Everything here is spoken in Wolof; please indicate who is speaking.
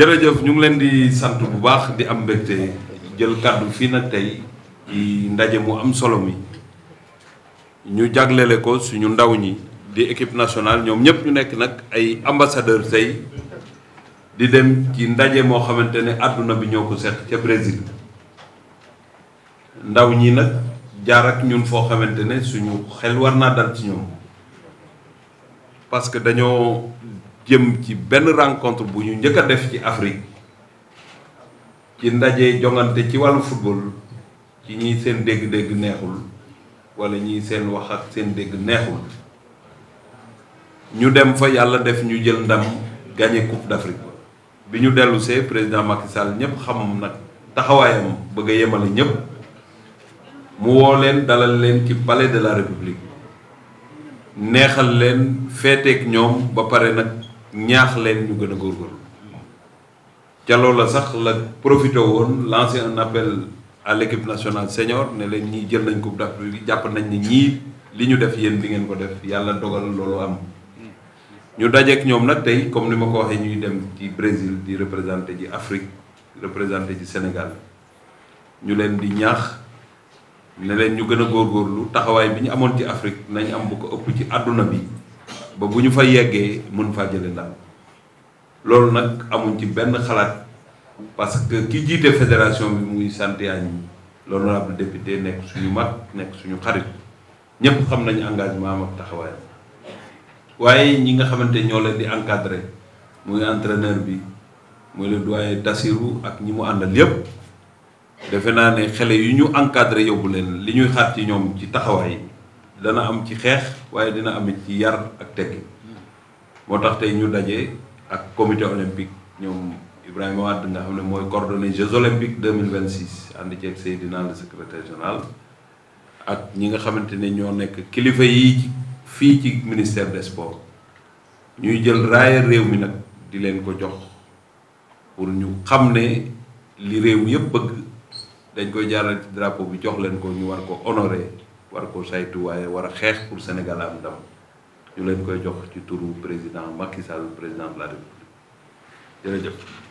Speaker 1: jërëjëf ñu ngi leen di sant bu baax di am mbégte jël kàddu fii nag tey ci ndaje mu am solo mi ñu jaglele ko suñu ndaw ñi di équipe nationale ñoom ñëpp ñu nekk nag ay ambassadeur tey di dem ci ndaje moo xamante ne àdduna bi ñoo ko seq ca Brésil ndaw ñi nag jaar ak ñun foo xamante ne suñu xel war naa dal ci ñoom parce dañoo jëm ci benn rencontre bu ñu njëkk a def ci Afrique ci ndaje jongante ci wàllu football ci ñi seen dégg-dégg neexul wala ñi seen wax ak seen dégg neexul ñu dem fa yàlla def ñu jël ndam gagné coupe d'Afrique bi ñu dellu see président Macky Sall ñëpp xam nag taxawaayam bëgg a yemale ñëpp mu woo leen dalal leen ci palais de la république neexal leen feeteek ñoom ba pare nag ñaax leen ñu gën a góorgóorlu ca loola sax la profité woon lancé un appel à l' nationale senior ne leen ñii jël nañ coupe d' Afrique bi jàpp nañ ni ñii li ñu def yéen di ngeen ko def yàlla dogal loolu am ñu dajeek ñoom nag tey comme ni ma ko waxee ñuy dem ci Brésil di représenté ji Afrique représenté ci Sénégal ñu leen di ñaax ne leen ñu gën a góorgóorlu taxawaay bi ñu amoon ci Afrique nañ am bu ko ëpp ci àdduna bi ba bu ñu fa yeggee mën faa jële ndam loolu nag amuñ ci benn xalaat parce que ki jiite fédération bi muy loolu l'honorable député nekk suñu mag nekk suñu xarit ñëpp xam nañu engagement am ak taxawaayam waaye ñi nga xamante ñoo leen di encadré muy entreneur bi muy le doyen Tassirou ak ñi mu àndal yépp defe naa ne xele yu ñu encadré yóbbu leen li ñuy xaar ci ñoom ci taxawaay dana am ci xeex waaye dina am ci yar ak teggi moo tax tey ñu daje ak comité olympique ñoom Ibrahima Wade nga xam ne mooy coordonné Jeux olympiques 2026 ànd ceeg Seydina le secrétaire général ak ñi nga xamante ne ñoo nekk kilifa yi fii ci ministère de sports ñuy jël raaya réew mi nag di leen ko jox pour ñu xam ne li réew mi yëpp bëgg dañ koy jaaral ci drapeau bi jox leen ko ñu war ko honorer war ko saytu waaye war a xeex pour Sénégal am ndam ñu leen koy jox ci turu président Macky Sall président de la République jërëjëf.